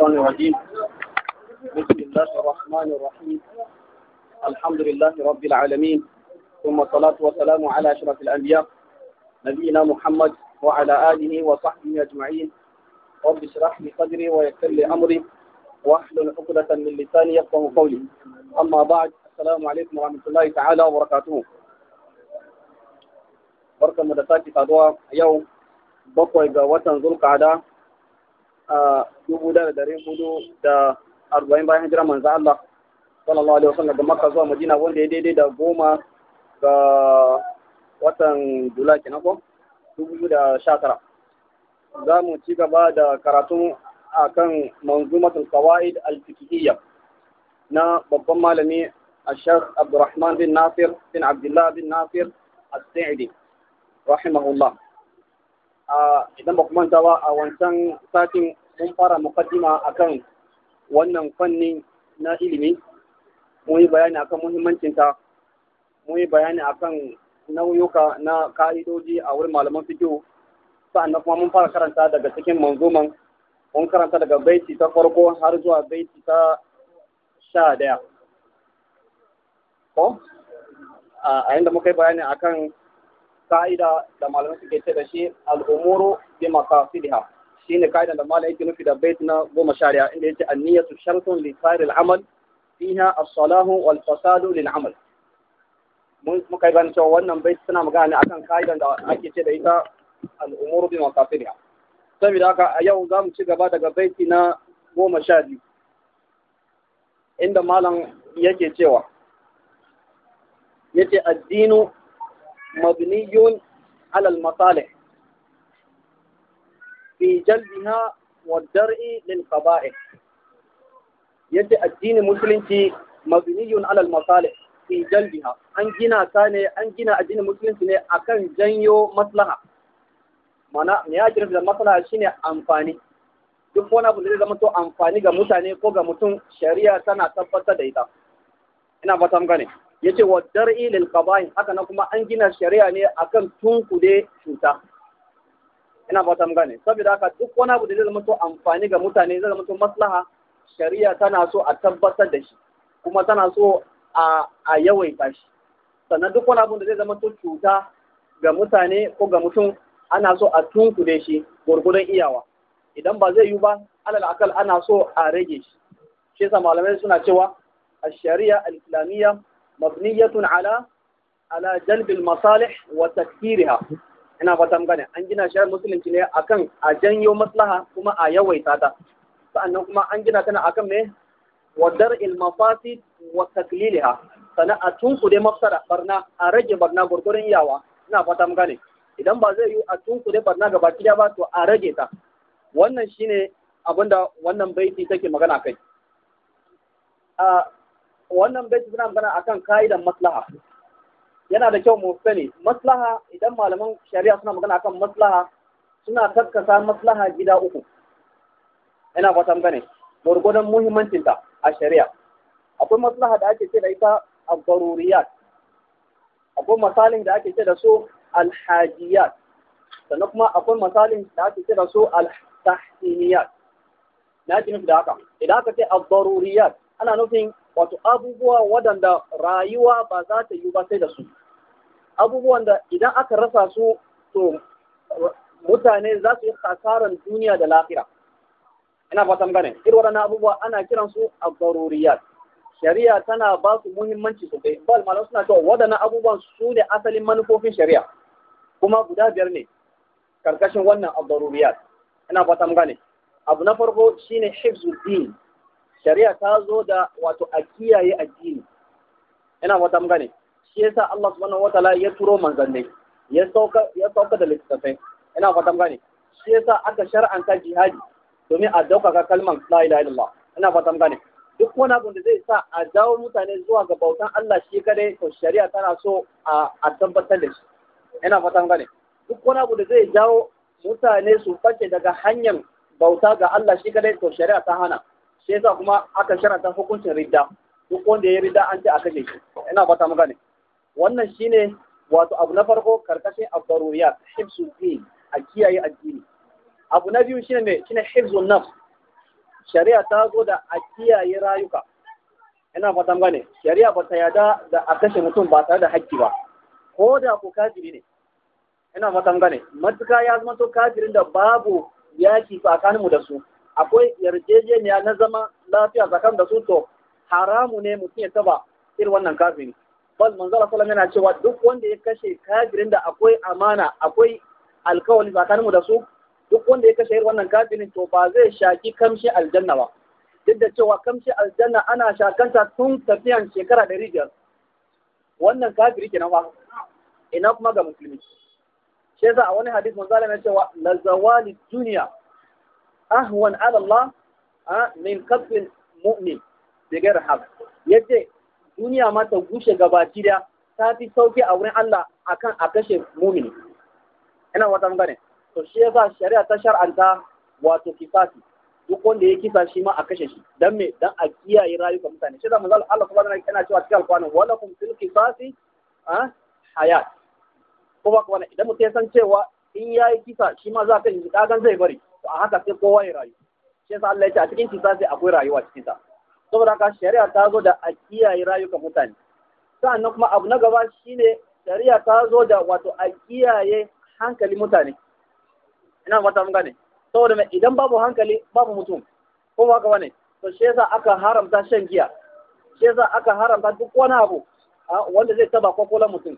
الشيطان الرجيم بسم الله الرحمن الرحيم الحمد لله رب العالمين ثم الصلاة والسلام على أشرف الأنبياء نبينا محمد وعلى آله وصحبه أجمعين رب اشرح لي صدري ويسر لي أمري واحلل عقدة من لساني يفقه قولي أما بعد السلام عليكم ورحمة الله تعالى وبركاته بركة mu da يوم saduwa yau bakwai ga watan dubu da dari hudu da arba'in bayan hijira manzo Allah sallallahu alaihi wasallam daga Makka zuwa Madina wanda ya daidai da goma ga watan Julai kenan ko dubu da sha tara za mu ci gaba da karatun akan manzumatul qawaid al-fiqhiyya na babban malami الشيخ عبد الرحمن بن ناصر بن عبد الله بن ناصر السعدي رحمه الله idan ba kuma ba a wancan satin mun fara mukaddima akan wannan fanni na ilimi mun yi bayani kan muhimmancinta mun yi bayani akan nauyuka na ka'idoji a wurin malaman Sa'an sa'annan kuma mun fara karanta daga cikin manzuman mun karanta daga baiti ta farko har zuwa baiti ta sha daya ko a yadda muka yi bayani akan ka'ida da malamai suke ce da shi al'umuru bi ne kaidan da malai yake nufi da bait na goma shari'a inda yace anniyatu shartun li sa'ir amal fiha as-salahu wal fasadu lil amal mun muka yi gani cewa wannan bait suna magana ne akan kaidan da ake ce da ita al-umuru bi maqasidiha saboda haka a yau za mu ci gaba daga baiti na goma sha biyu inda malam yake cewa yace addinu mabniyun alal masalih fi jalbiha wa dar'i lil qaba'ih yace addinin musulunci mabniyun alal masalih fi jalbiha an gina ta ne an gina addinin musulunci ne akan janyo maslaha mana me ya kira da maslaha shine amfani duk wani abu da zai zama to amfani ga mutane ko ga mutum shari'a tana tabbatar da ita ina ba tam gane yace wa dar'i lil qaba'in haka na kuma an gina shari'a ne akan tunkude cuta ina fata mun gane saboda haka duk wani abu da zai zama to amfani ga mutane zai zama to maslaha shari'a tana so a tabbatar da shi kuma tana so a a yawaita shi sannan duk wani abu da zai zama to cuta ga mutane ko ga mutum ana so a tunkude shi gwargwadon iyawa idan ba zai yi ba alal akal ana so a rage shi shi yasa malamai suna cewa الشريعة الإسلامية مبنية على على جلب wa وتكثيرها ina fata mun gane an gina shari'ar musulunci ne akan a janyo maslaha kuma a yawaita ta sa'annan kuma an gina tana akan me wa dar'il mafasid wa takliliha sana a tunkude mafsara barna a rage barna gurgurin yawa ina fata mun gane idan ba zai yi a tunkude barna gaba ɗaya ba to a rage ta wannan shine abinda wannan baiti take magana kai wannan baiti suna magana akan ka'idan maslaha yana da kyau mu sani maslaha idan malaman shari'a suna magana akan maslaha suna kakkasa maslaha gida uku yana fatan gane gwargwadon muhimmancinta a shari'a akwai maslaha da ake ce da ita a garuriyat akwai masalin da ake ce da su alhajiyat sannan kuma akwai masalin da ake ce da su altahsiniyat na ji nufi da haka idan aka ce a garuriyat ana nufin wato abubuwa waɗanda rayuwa ba za ta yi ba sai da su abubuwan da idan aka rasa su to mutane za su yi kasaran duniya da lafiya ina fatan gane irwara na abubuwa ana kiran su a garuriyat shari'a tana ba su muhimmanci sosai bal malam suna cewa waɗannan abubuwan su ne asalin manufofin shari'a kuma guda biyar ne karkashin wannan abdaruriyat ina fatan gane abu na farko shine hifzuddin shari'a ta zo da wato a kiyaye addini ina fatan gane shi yasa Allah subhanahu wataala ya turo manzanni ya sauka ya sauka da littafai ina fatan gane shi yasa aka shar'anta jihadi domin a daukaka kalmar la ilaha illallah ina fatan gane duk wani abu da zai sa a dawo mutane zuwa ga bautan Allah shi kadai to shari'a tana so a tabbatar da shi ina fatan gane duk wani abu da zai jawo mutane su face daga hanyar bauta ga Allah shi kadai to shari'a ta hana shi yasa kuma aka sharanta hukuncin ridda duk wanda ya ridda an ce a kashe shi ina fata magana wannan shine wato abu na farko karkashin abdaruriyat hibsu din a kiyaye addini abu na biyu shine me shine hibsu nafs shari'a ta zo da a kiyaye rayuka ina fatan gane shari'a ba ta yada da a kashe mutum ba tare da hakki ba ko da ko kafiri ne ina fatan gane matuka ya zama to kafirin da babu yaki tsakaninmu da su akwai yarjejeniya na zama lafiya tsakanin da su to haramu ne mutum ya taba irin wannan kafiri bal manzala sallam yana cewa duk wanda ya kashe kafirin da akwai amana akwai alkawali tsakanin mu da su duk wanda ya kashe wannan kafirin to ba zai shaki kamshi aljanna ba duk da cewa kamshi aljanna ana shakanta tun tafiyan shekara ɗari biyar wannan kafiri kenan ba ina kuma ga musulmi shi yasa a wani hadis manzala yana cewa la zawali dunya ahwan ala Allah ah, min kafin mu'min bi ghairi yace duniya ma ta gushe gabaki daya, ta fi sauki a wurin Allah akan a kashe mumini ina wata gane to shi yasa shari'a ta shar'anta wato kisasi duk wanda ya kisa shi ma a kashe shi dan me dan a kiyaye rayuka mutane shi da manzo Allah subhanahu wa yana cewa cikin alqur'ani wala kuma fil kisasi? A? hayat ko ba kuma idan mutum ya san cewa in yayi kisa shi ma za ka yi dagan zai bari to a haka sai kowa ya rayu shi yasa Allah ya ce a cikin kisasi akwai rayuwa cikin sa saboda haka shari'a ta zo da a kiyaye rayukan mutane sa'annan kuma abu na gaba shine shari'a ta zo da wato a kiyaye hankali mutane ina mata mun gane saboda mai idan babu hankali babu mutum ko ba ka ne to shi yasa aka haramta shan giya shi yasa aka haramta duk wani abu wanda zai taba kwakwalan mutum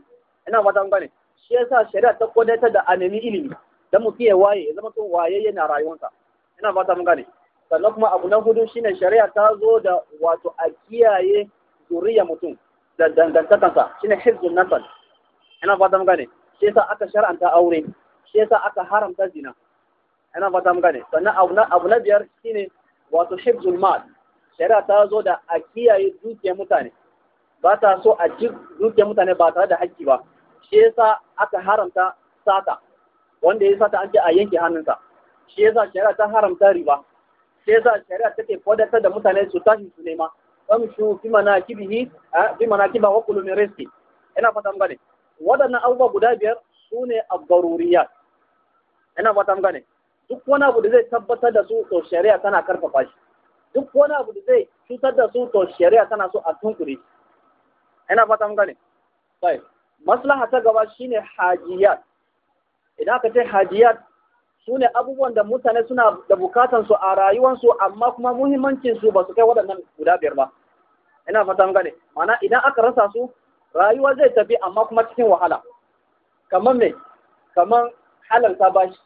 ina mata mun gane shi yasa shari'a ta kodaita da a nemi ilimi dan mutum ya waye ya zama to waye yana rayuwarsa ina mata mun gane sannan kuma abu na hudu shine shari'a ta zo da wato a kiyaye zuriya mutum da dangantakansa shine hizbun nasal ina fata mun gane shi yasa aka shar'anta aure shi yasa aka haramta zina ina fata mun gane sannan abu na abu na biyar shine wato hizbun mal shari'a ta zo da a kiyaye dukiyar mutane ba ta so a ji dukiyar mutane ba tare da hakki ba shi yasa aka haramta sata wanda ya sata an ce a yanke hannunsa shi yasa shari'a ta haramta riba sai yasa shari'a take kodatar da mutane su tashi su nema amshu fi mana manakibihi fi mana kiba wa kulu min rizqi ina fata mun gane wadannan abubuwa guda biyar su ne abdaruriyat ina fata mun gane duk wani abu da zai tabbatar da su to shari'a tana karfafa shi duk wani abu da zai cutar da su to shari'a tana so a tunkure ina fata mun gane sai maslaha ta gaba shine hajiyat idan aka ce hajiyat su ne abubuwan da mutane suna da bukatan su a rayuwansu amma kuma muhimmancin su ba su kai waɗannan guda biyar ba ina fatan gane mana idan aka rasa su rayuwa zai tafi amma kuma cikin wahala kamar me kamar halalta bashi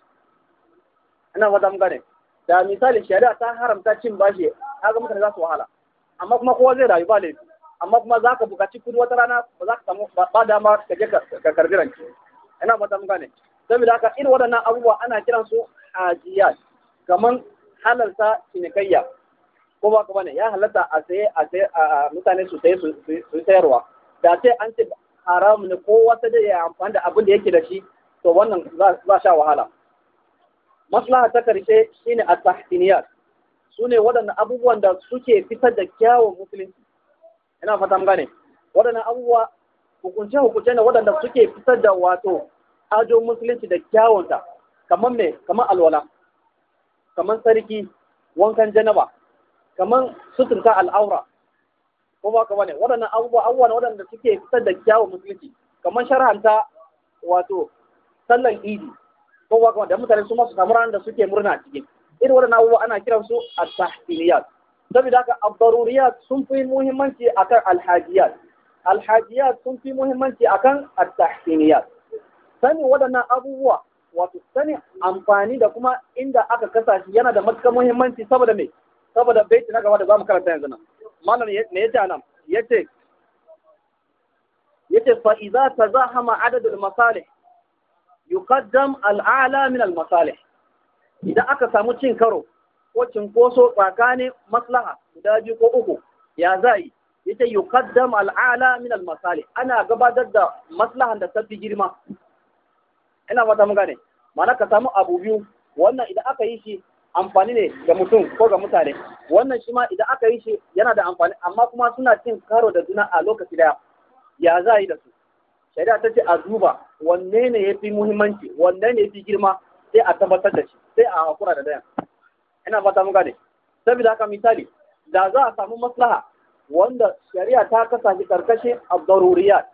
ina fatan gane da misali shari'a ta haramta cin bashi kaga mutane za su wahala amma kuma kowa zai rayu ba laifi amma kuma za ka bukaci kudi wata rana ba za ka samu ba dama ka je ka karbi ranki ina fatan gane saboda haka irin waɗannan abubuwa ana kiran su hajiyat kaman halarta cinikayya ko ba kuma ne ya halarta a saye a saye a mutane su saye su sayarwa da sai an ce haram ne ko wata da ya amfani da abin da yake da shi to wannan za sha wahala maslaha ta karshe shine tahtiniyar Su ne waɗannan abubuwan da suke fitar da kyawun musulunci ina fatan gane waɗannan abubuwa hukunce hukunce ne waɗanda suke fitar da wato Ajo musulunci da kyawunta kamar me kamar alwala kamar sarki wankan janaba kamar sutunta al'aura ko ba kamar ne waɗannan abubuwa abubuwa waɗanda suke fitar da kyawun musulunci kamar sharhanta wato sallan idi ko ba kamar da mutane su masu samu ranar da suke murna cikin irin waɗannan abubuwa ana kiransu at-tahsiniyat saboda haka abdaruriyat sun fi muhimmanci akan alhajiyat alhajiyat sun fi muhimmanci akan at-tahsiniyat sanin waɗannan abubuwa wato sanin amfani da kuma inda aka kasa yana da matuƙar muhimmanci saboda me saboda baiti na gaba da zamu karanta yanzu nan malam me yace anan yace yace fa idza tazahama hama masalih yuqaddam kaddam min al masalih idan aka samu cin karo ko cinkoso tsakanin maslaha guda biyu ko uku ya za yi yace yuqaddam kaddam a'la min al masalih ana gabatar da maslahan da tafi girma ina fata mun gane ma'ana ka samu abu biyu wannan idan aka yi shi amfani ne ga mutum ko ga mutane wannan shi ma idan aka yi shi yana da amfani amma kuma suna cin karo da juna a lokaci daya ya za a yi da su shari'a ta ce a duba wanne ne ya fi muhimmanci wanne ne ya fi girma sai a tabbatar da shi sai a hakura da dayan ina fata mun gane saboda haka misali da za a samu maslaha wanda shari'a ta kasa shi karkashin abdaruriyat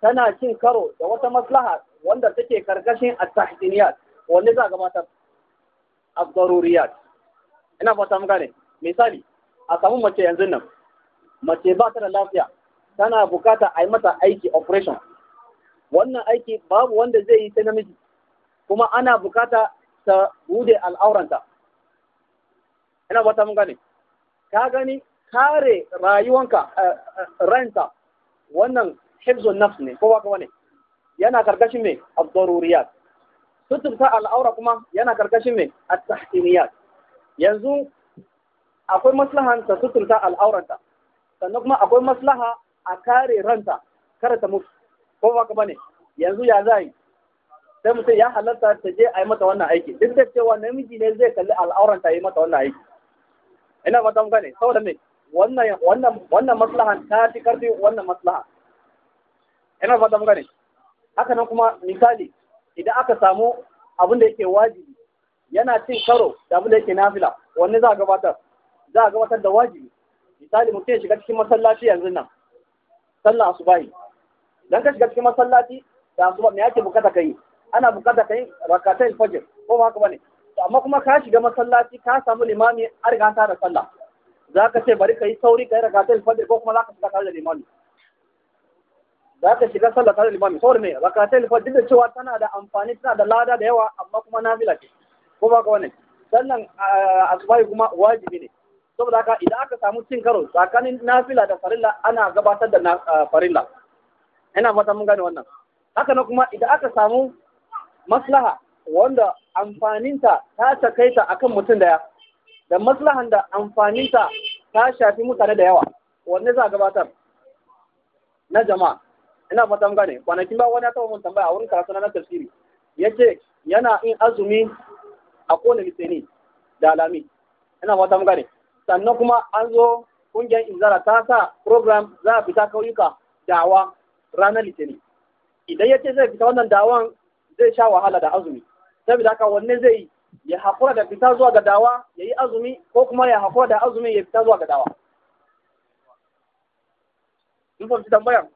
tana cin karo da wata maslaha wanda take karkashin at-tahdiniyat wanne za a gabatar ad-daruriyat ina fata mun gane misali a samu mace yanzu nan mace ba ta da lafiya tana bukata a yi mata aiki operation wannan aiki babu wanda zai yi ta namiji kuma ana bukata ta bude al'auranta ina fata mun gane ka gani kare rayuwanka eh, eh, ranta wannan hibzun nafs ne kowa ka wane yana karkashin me ad-daruriyat suturta al'aura kuma yana karkashin me at-tahsiniyat yanzu akwai maslaha ta suturta al'auranta sannan kuma akwai maslaha a kare ranta kare ta mutu ko ba ka bane yanzu ya zai sai mutum ya halarta ta je a yi mata wannan aiki duk da cewa namiji ne zai kalli al'auranta ta yi mata wannan aiki ina ba tamka ne saboda me wannan wannan wannan maslaha ta fi karfi wannan maslaha ina ba tamka ne haka nan kuma misali idan aka samu abin da yake wajibi yana cin karo da abin da yake nafila wanne za a gabatar za a gabatar da wajibi misali mutum ya shiga cikin masallaci yanzu nan sallah asubahi dan ka shiga cikin masallaci da asuba me yake bukata kai ana bukata kai rakatai fajr ko ba haka bane amma kuma ka shiga masallaci ka samu limami an riga da sallah Za ka ce bari kai sauri kai rakatai fajr ko kuma za ka shiga tare da limami za ka shiga sallah tare da limami ne, me rakatai alfajr duk da cewa tana da amfani tana da lada da yawa amma kuma na ce ko ba ka wani sannan ah, asubahi kuma wajibi ne saboda haka idan aka samu cin karo tsakanin nafila da farilla ana gabatar da ah, farilla ina fata mun gane wannan haka na kuma idan aka samu maslaha wanda amfaninta ta ta akan mutum daya da maslahan da amfaninta ta shafi mutane da yawa wanne za a gabatar na jama'a ina fata mun gane kwanakin ba wani ya taba mun tambaya a wurin karatu na tafsiri yace yana in azumi a kowane litini da alami ina fata mun gane sannan kuma an zo kungiyar izara ta sa program za a fita kauyuka dawa ranar litini idan yace zai fita wannan dawan zai sha wahala da azumi saboda haka wanne zai yi ya haƙura da fita zuwa ga dawa ya yi azumi ko kuma ya haƙura da azumi ya fita zuwa ga dawa. Mun fahimci tambayar?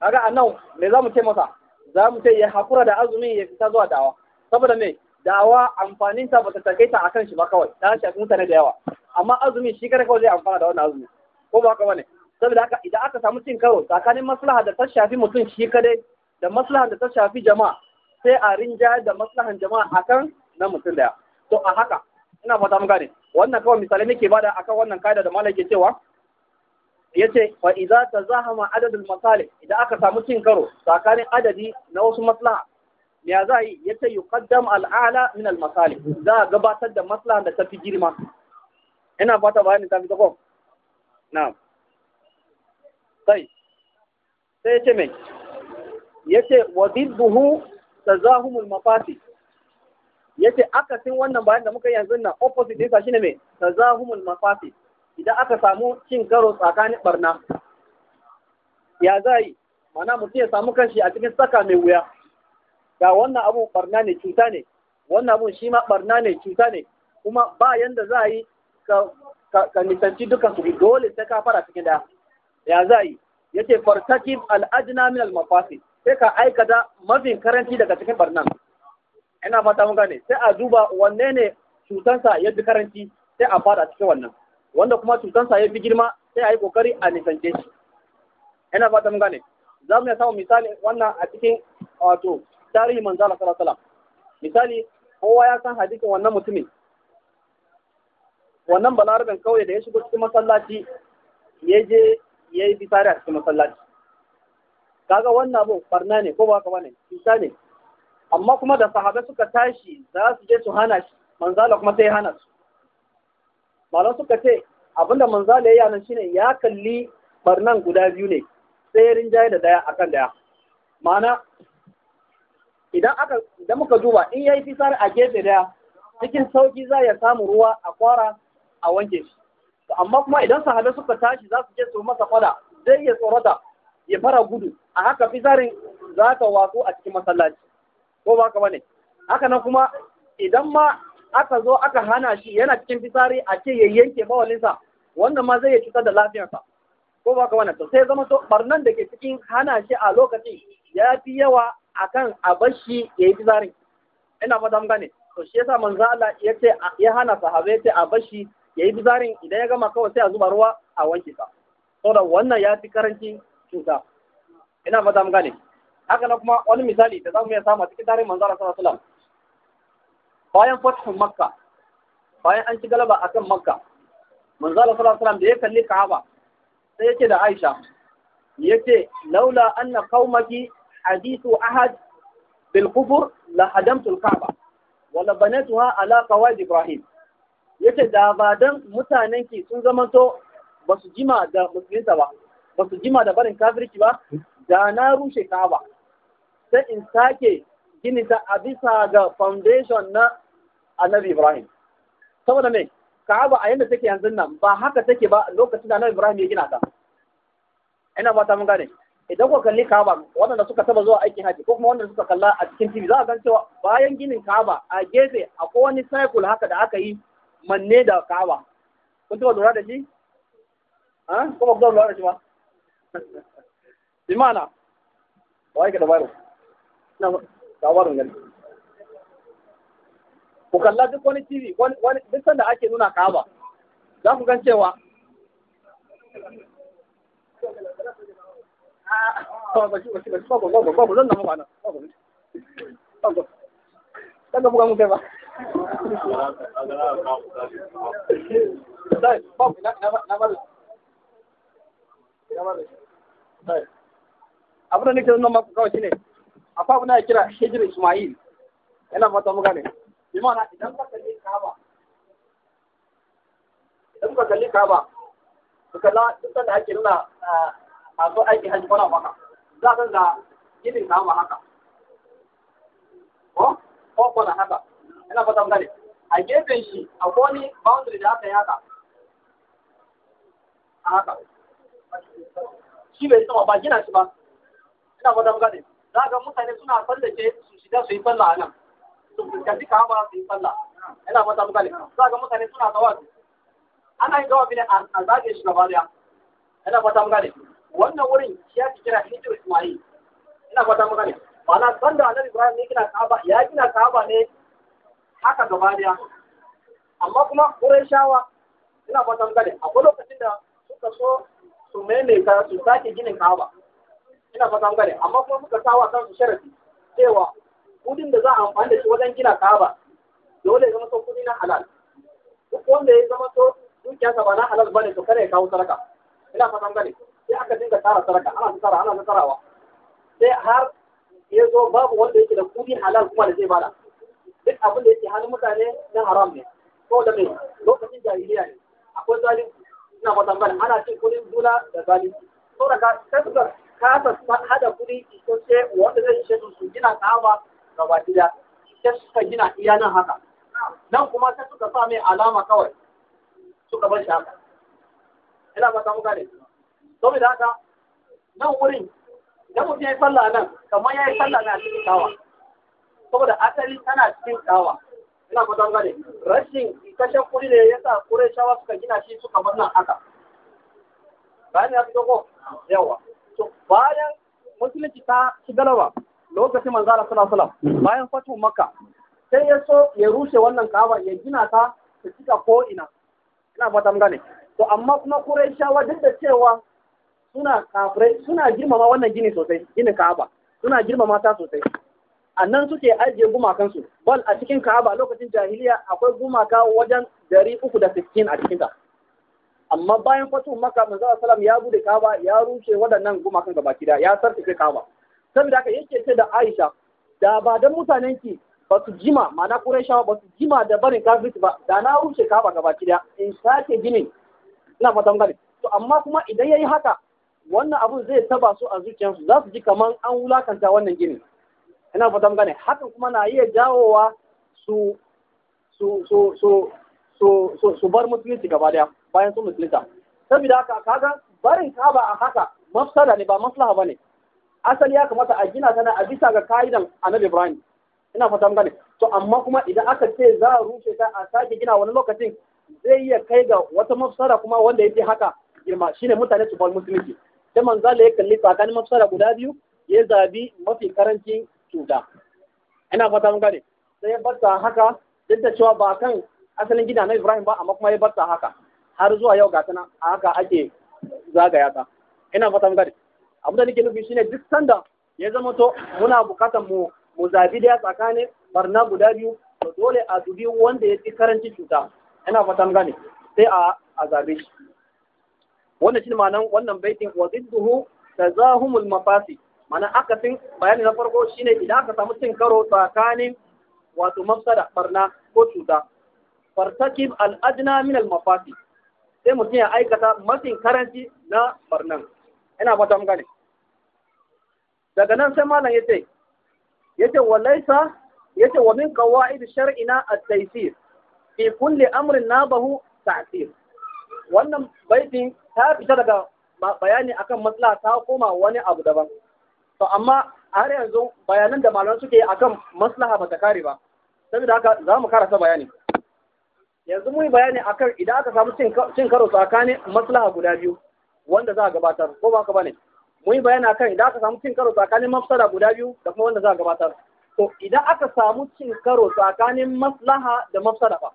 kaga anan me za mu ce masa za mu ce ya hakura da azumi ya fita zuwa dawa saboda me dawa amfanin ta bata ta akan shi ba kawai ta shafi mutane da yawa amma azumi shi kada kawai zai amfana da wannan azumi ko ba haka bane saboda haka idan aka samu cin karo tsakanin maslaha da ta shafi mutum shi kadai da maslaha da ta shafi jama'a sai a rinja da maslahan jama'a akan na mutum daya to a haka ina fata mun gane wannan kawai misalai nake bada akan wannan kaida da malaka ke cewa Ya ce fa ta tazahama adadin masali idan aka samu cin karo tsakanin adadi na wasu maslaha ya za yi Ya ce, yi kaddam al'ala min al za a gabatar da maslaha da ta fi girma ina fata bayani ta fi ko Na. sai sai ya mai me ce, wa ta didduhu tazahumul Ya ce, akasin wannan bayan da muka yanzu na, opposite din sa shine me tazahumul mafati idan aka samu cin karo tsakanin barna ya za yi mana mutum ya samu kanshi a cikin saka mai wuya ga wannan abu barna ne cuta ne wannan abun shi ma barna ne cuta ne kuma ba yanda za a yi ka nisanci dukkan su dole sai ka fara cikin daya ya za yi ce fartakib al min al sai ka aikata mafin karanci daga cikin barnan ina fata mun gane sai a duba wanne ne cutansa ya fi karanci sai a fada cikin wannan wanda kuma cutansa ya fi girma sai a yi kokari a nisance shi ina ba ta gane za mu samu misali wannan a cikin wato tarihi manzo Allah sallallahu alaihi misali kowa ya san hadisin wannan mutumin wannan balarabin kauye da ya shigo cikin masallaci ya je ya yi bisari a cikin masallaci kaga wannan abu barna ne ko ba ka bane cuta ne amma kuma da sahabai suka tashi za su je su hana shi manzala kuma sai hana su malam suka ce abinda manza da ya nan shine ya kalli barnan guda biyu ne sai ya rinjaye da daya akan daya ma'ana idan aka idan muka duba in yayi fisar a gefe daya cikin sauki za ya samu ruwa a kwara a wanke shi amma kuma idan sahabai suka tashi za su je su masa fada zai ya tsorata ya fara gudu a haka fisarin za ta wasu a cikin masallaci ko ba ka bane haka nan kuma idan ma aka zo aka hana shi yana cikin fitsari a ce ya yanke bawalinsa wannan ma zai cutar da lafiyarsa ko ba ka wannan to sai zama to barnan da ke cikin hana shi a lokacin ya fi yawa akan a bar shi ya yi fitsarin ina fata mun gane to shi yasa manzo Allah ya ce ya hana sahabai ya ce a bar shi ya yi fitsarin idan ya gama kawai sai a zuba ruwa a wanke sa saboda wannan ya fi karanci cuta ina fata mun gane haka na kuma wani misali da za mu iya samu a cikin tarihin manzo Allah sallallahu alaihi wasallam bayan fathun makka bayan an ci galaba akan makka manzo Allah sallallahu alaihi wasallam da ya kalli Ka'aba sai yake da Aisha yace laula anna qaumaki hadithu ahad bil qubur la hadamtu al Ka'aba wa la banatuha ala qawaid Ibrahim yace da ba dan mutanen ki sun zamanto ba su jima da musulunta ba ba su jima da barin kafirci ba da na rushe Ka'aba sai in sake gini ta a bisa ga foundation na annabi Ibrahim saboda me Ka'aba a yanda take yanzu nan ba haka take ba lokacin da annabi Ibrahim ya gina ta ina fata mun gane idan kuka kalli Ka'aba waɗanda suka taba zuwa aikin haji ko kuma waɗanda suka kalla a cikin TV za a gan cewa bayan ginin Ka'aba a gefe akwai wani cycle haka da aka yi manne da Ka'aba kun taba lura da shi ha ko ba ku lura da shi ba bi mana wai ka da baro na Ka'aba baro gani ku kalla duk wani TV wani duk sanda ake nuna kaba za ku gan cewa abin da nake nuna kawai shine akwai ya kira Ismail yana bi idan ka kalli kaba idan ka kalli kaba ka kalla duk da ake nuna eh, masu aiki hajji wani haka za ka da gidin kaba haka ko ko kona haka ina fata mun a gefen shi akwai wani boundary da aka yi haka a haka shi bai sama ba gina shi ba ina fata mun gane za ga mutane suna tsallake su shiga su yi sallah a nan sun fuskanci ka'aba su yi sallah yana fata muka za ga mutane suna tawafi ana yin tawafi ne a zage shi gaba daya yana fata muka wannan wurin ya fi kira hijir ismail ina fata muka ne ma'ana sanda annabi ibrahim ne gina ka'aba ya gina ka'aba ne haka gaba daya amma kuma wurin shawa Yana fata muka akwai lokacin da suka so su maimaita su sake ginin ka'aba ina fata muka amma kuma suka sawa kansu sharafi cewa kudin da za a amfani da shi wajen gina kaba dole ya zama to kudi na halal duk wanda ya zama to dukiyarsa ba na halal bane to kare ya kawo saraka ina fatan gane sai aka dinga tara saraka ana tara ana tarawa sai har ya zo babu wanda yake da kudi halal kuma da zai bada duk abin da yake hannun mutane na haram ne ko da mai lokacin jahiliya ne akwai zalunci ina fatan gane ana cin kudin dula da zalunci saboda ka kasa hada kudi sai wanda zai shi su gina kaba gaba gida sai suka gina iya nan haka nan kuma sai suka sa mai alama kawai suka bar shi haka ina ba samu gane saboda haka nan wurin idan mutum ya yi sallah nan kamar ya yi sallah na cikin kawa saboda asali tana cikin kawa ina ba samu gane rashin kashe kuɗi ne ya sa shawa suka gina shi suka bar nan haka bayan ya fito ko yawa to bayan musulunci ta ci galaba lokacin manzo Allah sallallahu alaihi wasallam bayan fatu makka sai ya so ya rushe wannan ka'aba, ya gina ta ta cika ko ina ina fatan gane to amma kuma Qurayshawa duk da cewa suna kafirai suna girmama wannan gini sosai gini Ka'aba suna girmama ta sosai a nan suke ajiye gumakansu bal a cikin Ka'aba lokacin jahiliya akwai gumaka wajen dari uku da sittin a cikinta amma bayan fatu maka manzo wasallam ya bude Ka'aba ya rushe waɗannan gumakan gabaki da, ya sarkace Ka'aba saboda haka yake ce da Aisha da ba dan mutanen ki ba su jima ma'ana shawa, ba su jima da barin kafirci ba da na rushe kaba gaba ki da in sake ginin ina fatan gani to amma kuma idan yayi haka wannan abun zai taba su a zuciyarsu za su ji kaman an wulakanta wannan ginin ina fatan gani hakan kuma na iya jawowa su su su su su su bar musulunci gaba daya bayan su musulunta saboda haka kaga barin kaba a haka mafsada ne ba maslaha bane asali ya kamata a gina ta a bisa ga ka'idan annabi Ibrahim ina fata mun gane to amma kuma idan aka ce za a rushe ta a sake gina wani lokacin zai iya kai ga wata mafsara kuma wanda yake haka girma shine mutane su bar musulunci sai Allah ya kalli tsakanin mafsara guda biyu ya zabi mafi karancin cuta ina fata mun gane sai ya barta haka duk da cewa ba kan asalin gida na Ibrahim ba amma kuma ya barta haka har zuwa yau ga a haka ake zagaya ta ina fata mun gane abu da nake nufi shine duk sanda ya zama to muna bukatar mu mu zabi da tsakanin barna guda biyu to dole a dubi wanda ya fi karanci cuta ina fatan gane sai a a zabe shi wannan shine ma'anan wannan baitin wa zidduhu tazahumul mafasi Mana akasin bayani na farko shine idan aka samu cin karo tsakanin wato mafsada barna ko cuta fartakib al adna min al mafasi sai mutum ya aikata masin karanci na barnan ina fata mun gane daga nan sai malam yace yace walaysa yace wa min qawaid shar'ina at-taysir fi kulli amrin nabahu ta'sir wannan baitin ta fita daga bayani akan matsala ta koma wani abu daban to amma har yanzu bayanan da malaman suke akan maslaha bata kare ba saboda haka za mu karasa bayani yanzu mu yi bayani akan idan aka samu cin karo tsakanin maslaha guda biyu wanda za a gabatar ko ba ka bane mun yi bayani akan idan aka samu cin karo tsakanin mafsada guda biyu da kuma wanda za a gabatar to idan aka samu cin karo tsakanin maslaha da mafsada ba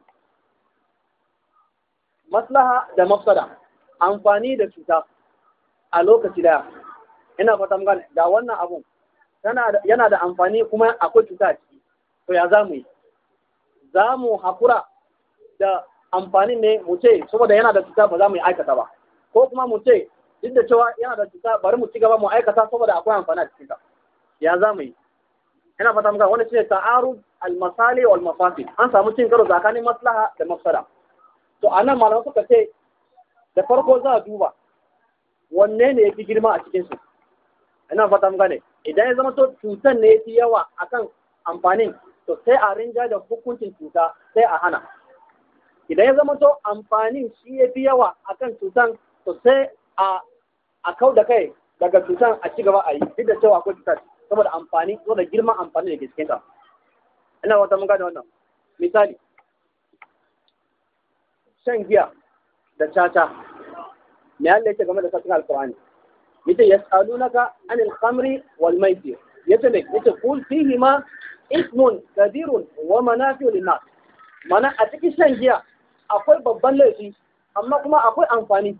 maslaha da mafsada amfani da cuta a lokaci daya ina fata gane da wannan abun yana da amfani kuma akwai cuta a ciki to ya zamu yi za mu hakura da amfanin ne mu ce saboda yana da cuta ba za mu yi aikata ba ko kuma mu ce duk da cewa yana da cuta bari mu ci gaba mu aikata saboda akwai amfani a cikin ta ya za mu yi ina fata muka wani shine ta'arud al-masali wal mafasid an samu cin karo tsakanin maslaha da mafsada to anan malamai suka ce da farko za a duba wanne ne yafi girma a cikin su ina fata muka ne idan ya zama to cutan ne yafi yawa akan amfanin to sai a rinja da hukuncin cuta sai a hana idan ya zama to amfanin shi yafi yawa akan cutan to sai a a kau da kai daga cutan a ci gaba a yi duk da cewa akwai cutar saboda amfani saboda girman amfani da ke cikin ta ina wata mun gane wannan misali shan giya da caca me Allah yake game da cikin alqur'ani yace yas'alunaka anil khamri wal maisir yace ne yace kul fihi ma ismun kadirun wa manafi'u linnas mana a cikin shan giya akwai babban laifi amma kuma akwai amfani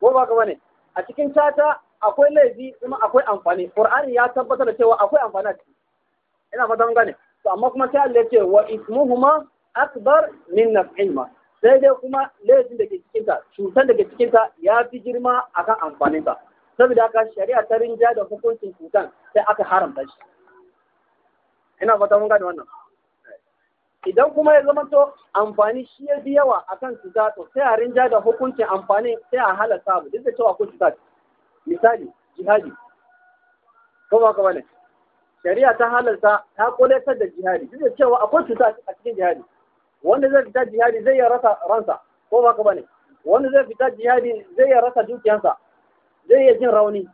ko ba ka bane a cikin caca akwai laifi kuma akwai amfani qur'ani ya tabbatar da cewa akwai amfani a ciki ina fatan gane to amma kuma sai Allah ya ce wa ismuhuma akbar min naf'ihima sai dai kuma laifin da ke cikin ta cutar da ke cikin ta ya fi girma akan amfanin ta saboda haka shari'a ta rinja da hukuncin cutan sai aka haramta shi ina fatan mun gane wannan idan kuma ya zama to amfani shi ya bi yawa akan su zato sai a rinja da hukuncin amfani sai a halatta abu duk da cewa ko su zato misali jihadi kuma kuma ne shari'a ta halarta ta kuletar da jihadi duk da cewa akwai cuta a cikin jihadi wanda zai fita jihadi zai ya rasa ransa ko ba kuma ne wanda zai fita jihadi zai ya rasa dukiyansa zai iya jin rauni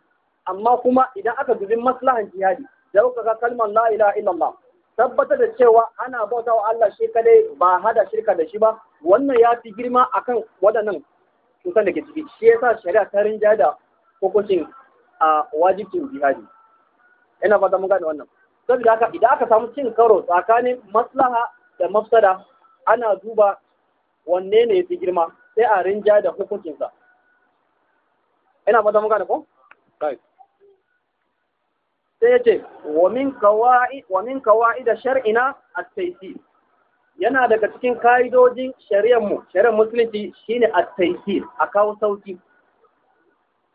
amma kuma idan aka dubi maslahan jihadi da kuka ga kalmar la ilaha illallah tabbatar da cewa ana bauta wa Allah shi kadai ba hada shirka da shi ba wannan ya fi girma akan waɗannan cutar da ke ciki shi yasa shari'a ta rinja da hukuncin a wajibcin jihadi ina fata mun gane wannan saboda haka idan aka samu cin karo tsakanin maslaha da mafsada ana duba wanne ne ya fi girma sai a rinja da hukuncinsa ina fata mun gane ko right sai yace wa min wa shar'ina a yana daga cikin kaidojin shari'ar mu shari'ar musulunci shine a taysir a kawo sauki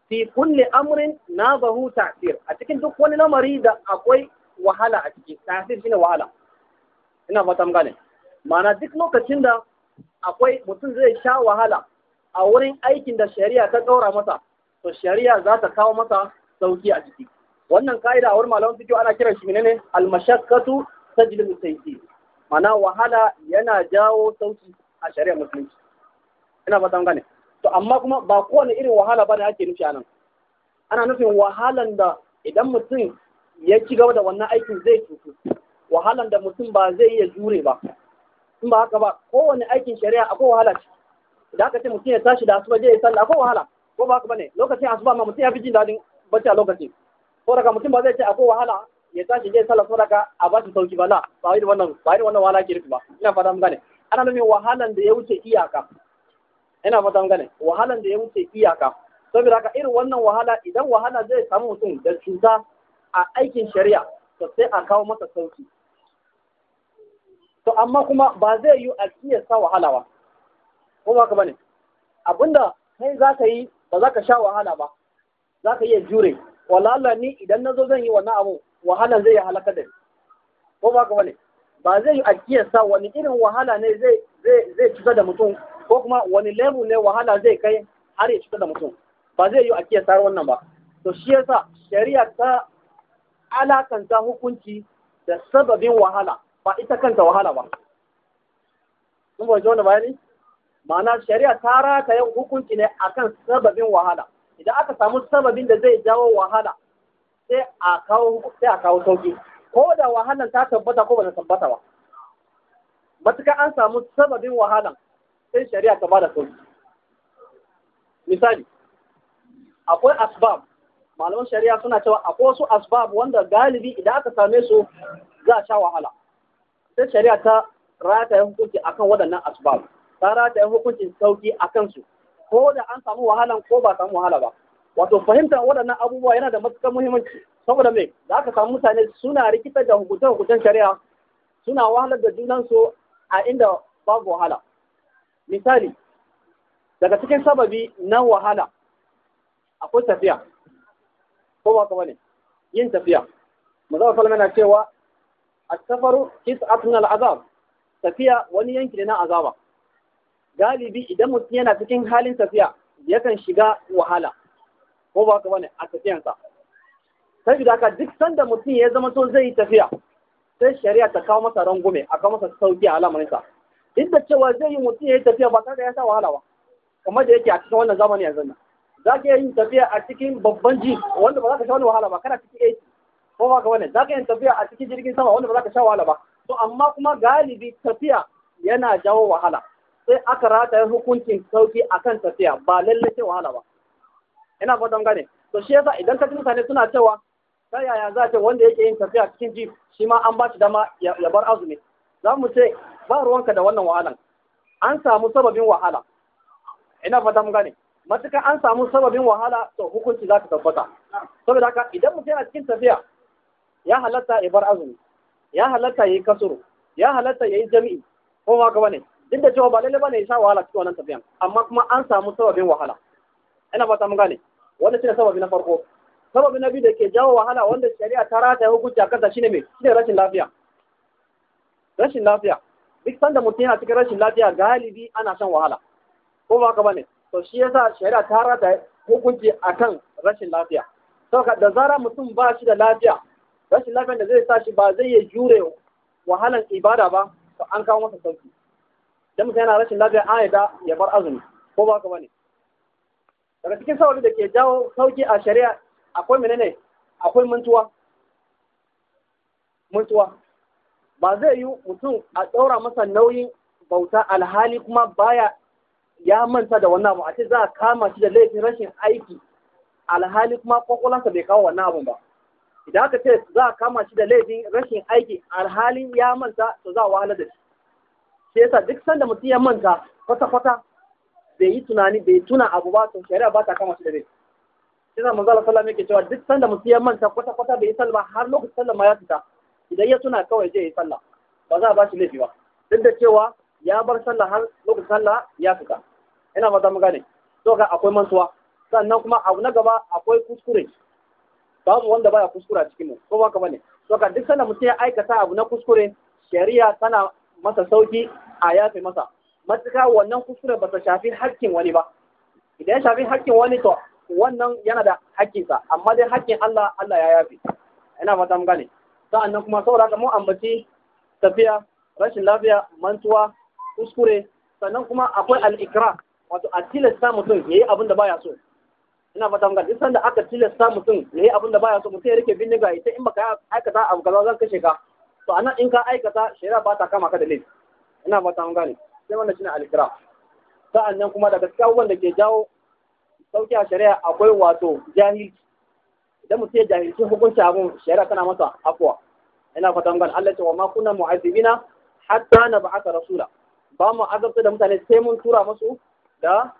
fi kulli amrin zahu ta'sir a cikin duk wani lamari da akwai wahala a ciki ta'sir shine wahala ina fata mun gane ma'ana duk lokacin da akwai mutum zai sha wahala a wurin aikin da shari'a ta ɗaura masa to shari'a za ta kawo masa sauki a ciki wannan ka'ida a wurin malaman fiqh ana kiran shi menene al-mashaqqatu tajlibu sayyi mana wahala yana jawo sauki a shari'ar musulunci ina ba gane to amma kuma ba kowane irin wahala ba da ake nufi anan ana nufin wahalan da idan mutum ya ci gaba da wannan aikin zai cutu wahalan da mutum ba zai iya jure ba in ba haka ba kowane aikin shari'a akwai wahala ce idan aka ce mutum ya tashi da asuba je ya sallah akwai wahala ko ba haka ba ne? lokacin asuba ma mutum ya fi jin daɗin bacci a lokacin ko daga mutum ba zai ce akwai wahala ya tashi je sallah ko a ba shi sauki ba la ba irin wannan ba irin wannan wahala ke ba ina fata mun gane ana nufin wahalan da ya wuce iyaka ina fata mun gane wahalan da ya wuce iyaka saboda haka irin wannan wahala idan wahala zai samu mutum da cuta a aikin shari'a to sai a kawo masa sauki to amma kuma ba zai yi a sa wahala ba ko ba ka bane abinda kai za ka yi ba za ka sha wahala ba za ka iya jure walala ni idan na zo zan yi wannan abu wahala zai halaka da ni ko ba ka bane ba zai yi akiyarsa wani irin wahala ne zai zai cuta da mutum ko kuma wani level ne wahala zai kai har ya cuta da mutum ba zai yi akiyarsa wannan ba to shi yasa shari'a ta alakanta hukunci da sababin wahala ba ita kanta wahala ba kun ba wannan bayani ma'ana shari'a ta yin hukunci ne akan sababin wahala idan aka samu sababin da zai jawo wahala sai a kawo sai a kawo sauki ko da wahalan ta tabbata ko ba ta tabbata ba matuka an samu sababin wahalan sai shari'a ta bada sauki misali akwai asbab malaman shari'a suna cewa akwai wasu asbab wanda galibi idan aka same su za a sha wahala sai shari'a ta rataye hukunci akan waɗannan asbab ta rataye hukuncin sauki akan su ko da an samu wahalan ko ba samu wahala ba wato fahimtar waɗannan abubuwa yana da matuƙar muhimmanci saboda me za ka samu mutane suna rikitar da hukuncen hukuncen shari'a suna wahalar da junansu a inda babu wahala misali daga cikin sababi na wahala akwai tafiya ko ba ka ne, yin tafiya maza sallallahu na cewa a safaru kis'atun al-azab tafiya wani yanki ne na azaba galibi idan mutum yana cikin halin tafiya yakan shiga wahala ko ba ka bane a tafiyansa sai da ka duk sanda mutum ya zama to zai yi tafiya sai shari'a ta kawo masa rangume a kawo masa sauki a lamarinsa duk da cewa zai yi mutum ya yi tafiya ba tare da ya sa wahala ba kamar da yake a cikin wannan zamani yanzu nan za ka yi tafiya a cikin babban ji wanda ba za ka sha wani wahala ba kana cikin AC ko ba ka bane za ka yi tafiya a cikin jirgin sama wanda ba za ka sha wahala ba to amma kuma galibi tafiya yana jawo wahala sai aka rataya hukuncin sauki kan tafiya ba lalle ce wahala ba ina fatan gane to shi yasa idan ka ji mutane suna cewa ta yaya za ce wanda yake yin tafiya cikin jif shi ma an ba shi dama ya bar azumi za mu ce ba ruwanka da wannan wahalan an samu sababin wahala ina fata mun gane matuka an samu sababin wahala to hukunci za ta tabbata saboda haka idan mutum yana cikin tafiya ya halatta ya bar azumi ya halatta ya yi kasuru ya halatta ya yi jami'i ko ma ka bane Inda da cewa ba lalle bane ya sha wahala cikin wannan tafiyan amma kuma an samu sababin wahala ina fata mun gane wannan shine sababi na farko sababi na biyu da ke jawo wahala wanda shari'a ta rata hukunci a kansa shine me shine rashin lafiya rashin lafiya duk sanda mutum yana cikin rashin lafiya galibi ana shan wahala ko ba ka bane to shi yasa shari'a ta rata hukunci akan rashin lafiya saboda da zara mutum ba shi da lafiya rashin lafiyar da zai sa shi ba zai yi jure wahalan ibada ba to an kawo masa sauki dan mutum yana rashin lafiya an yadda ya bar azumi ko ba ka bane daga cikin sauri da ke jawo sauki a shari'a akwai menene akwai mantuwa mantuwa ba zai yi mutum a ɗaura masa nauyin bauta alhali kuma baya ya manta da wannan abu a ce za a kama shi da laifin rashin aiki alhali kuma kwakwalansa bai kawo wannan abun ba idan aka ce za a kama shi da laifin rashin aiki alhalin ya manta to za a wahalar da shi sai yasa duk sanda mutum ya manta kwata kwata bai yi tunani bai tuna abu ba to shari'a ba ta kama shi da rai sai sa manzo Allah sallallahu alaihi cewa duk sanda mutum ya manta kwata kwata bai yi sallah har lokacin sallah ma ya fita idan ya tuna kawai zai yi sallah ba za a ba shi laifi ba duk da cewa ya bar sallah har lokacin sallah ya fita ina maza mu gane to ga akwai mantuwa sannan kuma abu na gaba akwai kuskure babu wanda baya kuskura cikin mu ko ba ka bane to ga duk sanda mutum ya aikata abu na kuskure shari'a tana masa sauki a yafe masa matuka wannan kuskure ba ta shafi hakkin wani ba idan ya shafi hakkin wani to wannan yana da hakkinsa amma dai hakkin Allah Allah ya yafe ina fata mun gane sa'annan kuma saboda haka mu ambaci tafiya rashin lafiya mantuwa kuskure sannan kuma akwai al'ikira, wato a tilasta mutum ya yi abin da baya so ina fata mun gane duk sanda aka tilasta mutum ya yi abin da baya so mutum ya rike bindiga ita in baka aikata abu kaza zan kashe ka to anan in ka aikata shari'a ba ta kama ka da laifi ina mata an gane sai wannan shine alkira ikra sa'annan kuma daga cikin abubuwan da ke jawo sauki a shari'a akwai wato jahilci idan mutum ya jahilci hukunci abun shari'a tana masa afwa ina fata an gane Allah ya ce wa ma kunna mu'azzibina hatta nab'atha rasula ba mu azabta da mutane sai mun tura musu da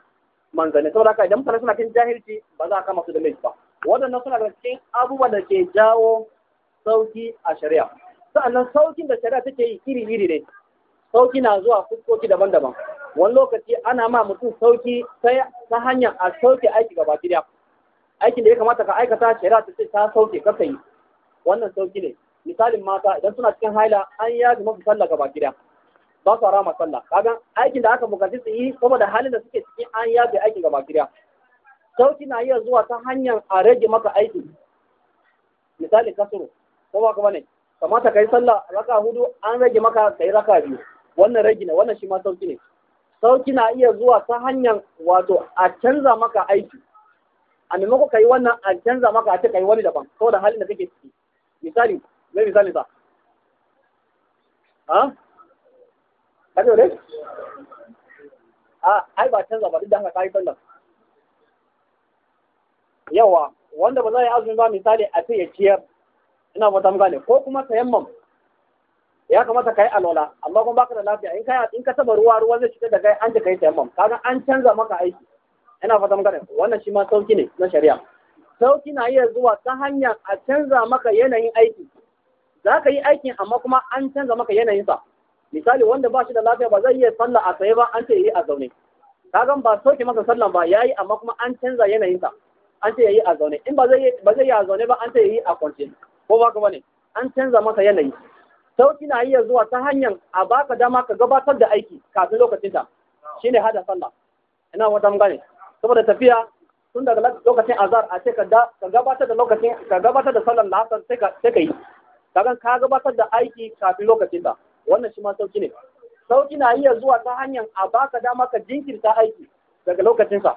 manzanni saboda haka idan mutane suna cikin jahilci ba za a kama su da laifi ba waɗannan suna daga cikin abubuwan da ke jawo sauki a shari'a sa'annan saukin da shari'a take yi iri iri ne sauki na zuwa fuskoki daban-daban wani lokaci ana ma mutum sauki ta hanyar a sauke aiki gaba gida aikin da ya kamata ka aikata shari'a ta ce ta sauke kasa yi wannan sauki ne misalin mata idan suna cikin haila an yaji masu sallah gaba gida ba su rama sallah kaga aikin da aka bukaci su yi saboda halin da suke ciki an yaji aikin gaba gida sauki na iya zuwa ta hanyar a rage maka aiki misalin kasuru ko ba ka bane kamata ka yi sallah raka hudu an rage maka ka yi raka biyu wannan ragi ne wannan shi ma sauki ne sauki na iya zuwa ta hanyar wato a canza maka aiki a maimako ka yi wannan a canza maka a ce wani daban saboda halin da kake ciki misali zai misali sa ha ka ce a ai ba canza ba duk da haka kayi sanda yawa wanda ba za a yi azumi ba misali a ce ya ciyar ina fata gane ko kuma tayammam ya kamata ka yi alola amma kuma baka da lafiya in kai in ka taba ruwa ruwa zai shiga da kai an ji kai tayammum kaga an canza maka aiki ina fata maka wannan shi ma sauki ne na shari'a sauki na iya zuwa ta hanyar a canza maka yanayin aiki za ka yi aikin amma kuma an canza maka yanayinsa misali wanda ba shi da lafiya ba zai iya sallah a tsaye ba an ce yi a zaune kaga ba sauki masa sallan ba yayi amma kuma an canza yanayinsa an ce yayi a zaune in ba zai ba zai yi a zaune ba an ce yayi a kwance ko ba ka bane an canza masa yanayi sauki na iya zuwa ta hanyar a baka dama ka gabatar da aiki kafin lokacin ta shine hada sallah ina wata gane saboda tafiya tun daga lokacin azar a ce ka gabatar da lokacin ka gabatar da sallar lahasar sai ka sai ka yi kaga ka gabatar da aiki kafin lokacin ta wannan shi ma sauki ne sauki na iya zuwa ta hanyar a baka dama ka jinkirta aiki daga lokacin sa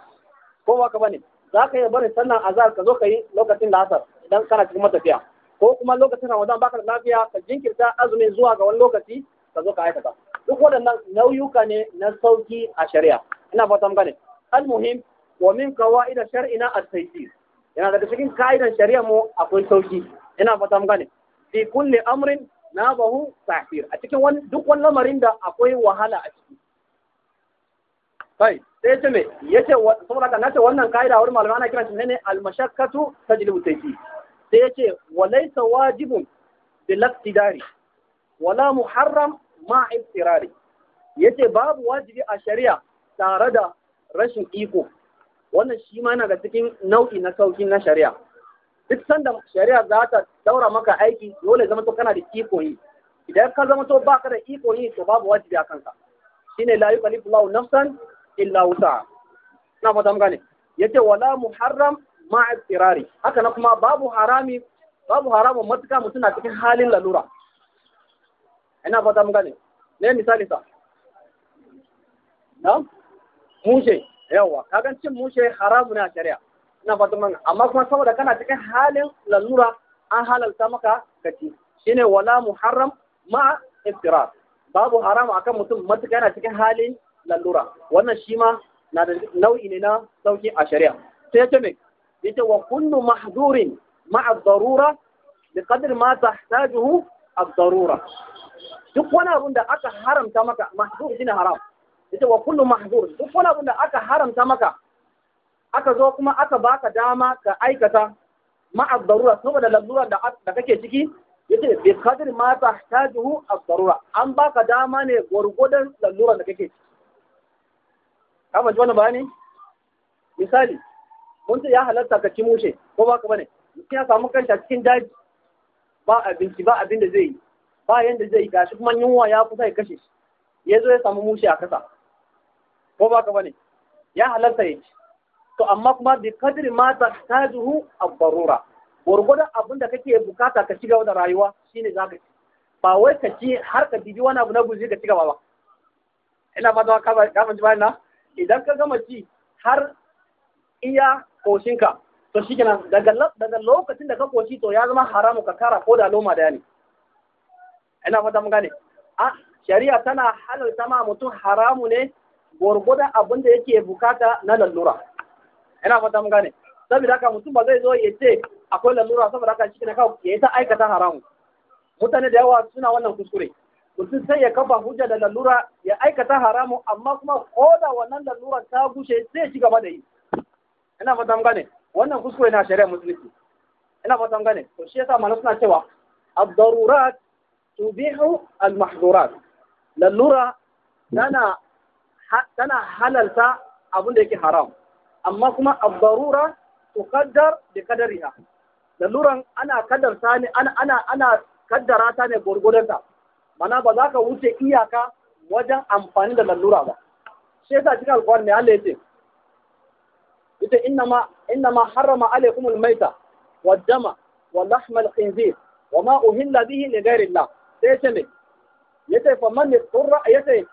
ko ba ka bane za ka iya barin sannan azar ka zo ka yi lokacin lahasar idan kana cikin matafiya ko kuma lokacin Ramadan baka da lafiya ka jinkirta azumin zuwa ga wani lokaci ka zo ka aikata duk waɗannan nauyuka ne na sauki a shari'a ina fatan gane almuhim wa min qawaid shar'ina at-taysir yana daga cikin ka'idan shari'a mu akwai sauki ina fatan gane fi kulli amrin nabahu ta'sir a cikin wani duk wani lamarin da akwai wahala a ciki kai sai ce me yace saboda kana ce wannan ka'ida wurin malamai ana kiran shi ne al-mashakkatu tajlibu taysir sai ya ce walaisa wajibin bilaktidari wala muharram ma iftirari ya ce babu wajibi a shari'a tare da rashin iko wannan shi ma daga cikin nau'i na sauki na shari'a duk sanda shari'a za ta daura maka aiki dole zama to kana da iko yi idan ka zama to baka da iko yi to babu wajibi a kanka shine la yukallifu nafsan illa wusa ina fata mun gane yace wala muharram Ma tsirari haka na kuma babu harami babu haramun matuka mutum na cikin halin lalura ina fata mun gane ne misali sa na mushe yawa kagan cin mushe haramu ne a shari'a ina fata mun amma kuma saboda kana cikin halin lalura an halalta maka kaci shine wala muharram ma iftirar babu haramu akan mutum matuka yana cikin halin lalura wannan shi ma na da nau'i ne na sauki a shari'a sai ya ce ita wa kullu mahdurin ma'a darura bi qadri ma tahtajuhu ad-darura duk wani abun da aka haramta maka mahdur shine haram ita wa kullu mahdur duk wani abun da aka haramta maka aka zo kuma aka baka dama ka aikata ma'a darura saboda lalura da kake ciki yace bi qadri ma tahtajuhu ad-darura an baka dama ne gwargwadon lalura da kake ciki ka ji wannan bayani misali mun ce ya halatta ka ci mushe ko ba ka bane mutum ya samu kanta cikin daji ba abinci ba abin da zai yi ba yanda zai yi gashi kuma yunwa ya kusa ya kashe shi ya zo ya samu mushe a kasa ko ba ka bane ya halatta ya ci to amma kuma bi kadri ma ta tajuhu abbarura gwargwadon abin da kake bukata ka shiga da rayuwa shine zaka ci ba wai ka ci har ka bibi wani abu na guzi ka ci gaba ba ina da ka ka ji bayan na idan ka gama ci har iya koshinka to shi kenan daga lokacin da ka koshi to ya zama haramu ka kara ko da loma da ne ina fata mun gane a shari'a tana halarta ma mutum haramu ne gwargwadon abin yake bukata na lallura ina fata mun gane saboda haka mutum ba zai zo ya ce akwai lallura saboda haka shi kenan ka ya yi ta aikata haramu mutane da yawa suna wannan kuskure mutum sai ya kafa hujja da lallura ya aikata haramu amma kuma ko da wannan lallura ta gushe sai ya ci gaba da yi ina fata mun gane wannan kuskure na shari'a musulunci ina fata mun gane to shi yasa mana suna cewa ad-darurat tubihu al-mahdhurat lallura tana tana halalta abin da yake haram amma kuma ad-darura tuqaddar bi qadariha laluran ana kaddarta ne ana ana ana kaddara ta ne gurgurdanka mana ba za ka wuce iyaka wajen amfani da lallura ba shi yasa cikin alƙawarin ne Allah ya ce ita innama innama harrama alaikum almaita waddama wa lahma alkhinzir wa ma uhilla bihi li ghairi Allah sai ce ne yace fa man turra yace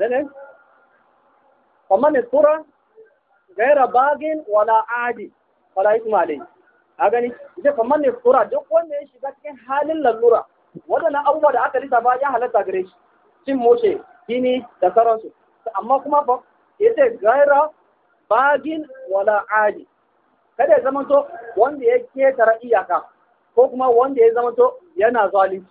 ne fa man turra ghaira bagin wala adi wala isma alayhi a gani ita fa man turra duk wanda ya shiga cikin halin lalura wadannan abubuwa da aka lissafa ya halatta gare shi cin moshe gini da sauransu amma kuma fa yace gaira bagin wala ali kada ya zamanto wanda ya ketara iyaka ko kuma wanda ya zamanto yana zalunci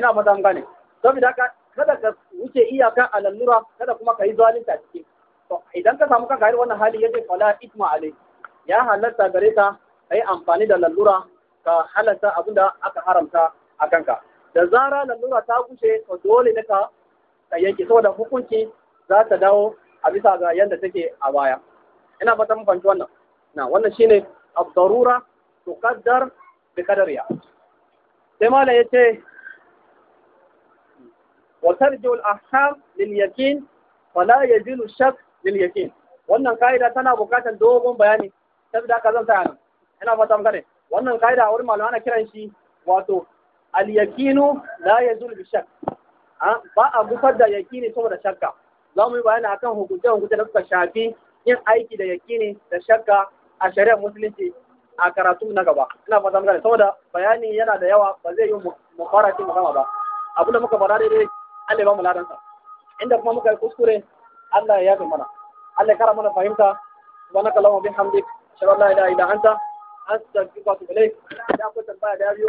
ina fata gane saboda haka kada ka wuce iyaka a lallura kada kuma ka yi zalunci a ciki to idan ka samu kanka wannan hali yake fala ikma alai ya halatta gare ka kai amfani da lallura ka halatta abinda aka haramta a kanka da zara lallura ta gushe to dole ne ka yanke saboda hukunci za ta dawo a bisa ga yadda take a baya ina fata mun fahimci wannan na wannan shine ad-darura tuqaddar bi qadariya sai mala yace wa tarju al-ahkam lil yaqin la yajilu shak lil yaqin wannan kaida tana bukatar dogon bayani saboda haka zan tsaya nan ina fata mun gane wannan kaida wurin malama ana kiran shi wato al-yaqinu la yajilu bi shak ba a gufar da yaqini saboda shakka za mu yi bayani akan hukunce-hukunce da suka shafi yin aiki da yakini da shakka a shari'ar musulunci a karatu na gaba ina fata muka saboda bayani yana da yawa ba zai yi mu gama cin magana ba abinda muka fara daidai Allah ba mu ladansa inda kuma muka yi kuskure Allah ya yafe mana Allah ya kara mana fahimta subhanaka allahumma bihamdik shallallahu la ilaha illa anta astaghfiruka wa atubu ilayk da ku tambaya da biyo